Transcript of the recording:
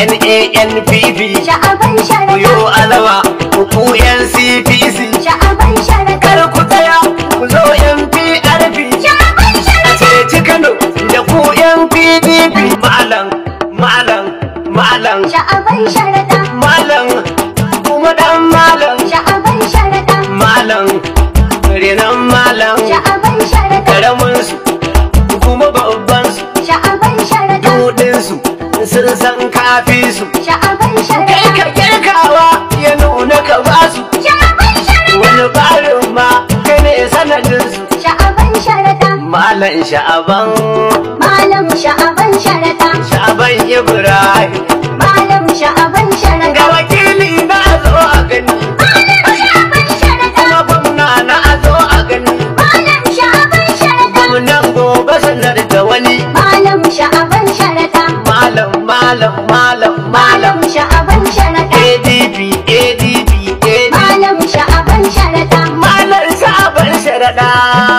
NANPP Sha'aban sharaka Yo alawa ku NCPC Sha'aban sharaka Kar ku tsaya ku zo MPRP Sha'aban sharaka Ceci Kano da ku MPDP Malam malam malam Sha'aban sharaka Malam kuma dan malam Sha'aban sharaka Malam sun san kafi su kai ka kirkawa ya nuna ka ba su wani barin ma kai ne sanadin su malam sha'aban malam sha'aban sharata sha'aban ibrahim malam sha'aban sharata ga wakili na zo a gani malam sha'aban sharata kuma gwamna na zo a gani malam sha'aban sharata gwamnan gobe sanar da wani malam sha'aban malam malam malam sha'aban sharata ADB ADB ADB malam sha'aban sharata malam sha'aban sharata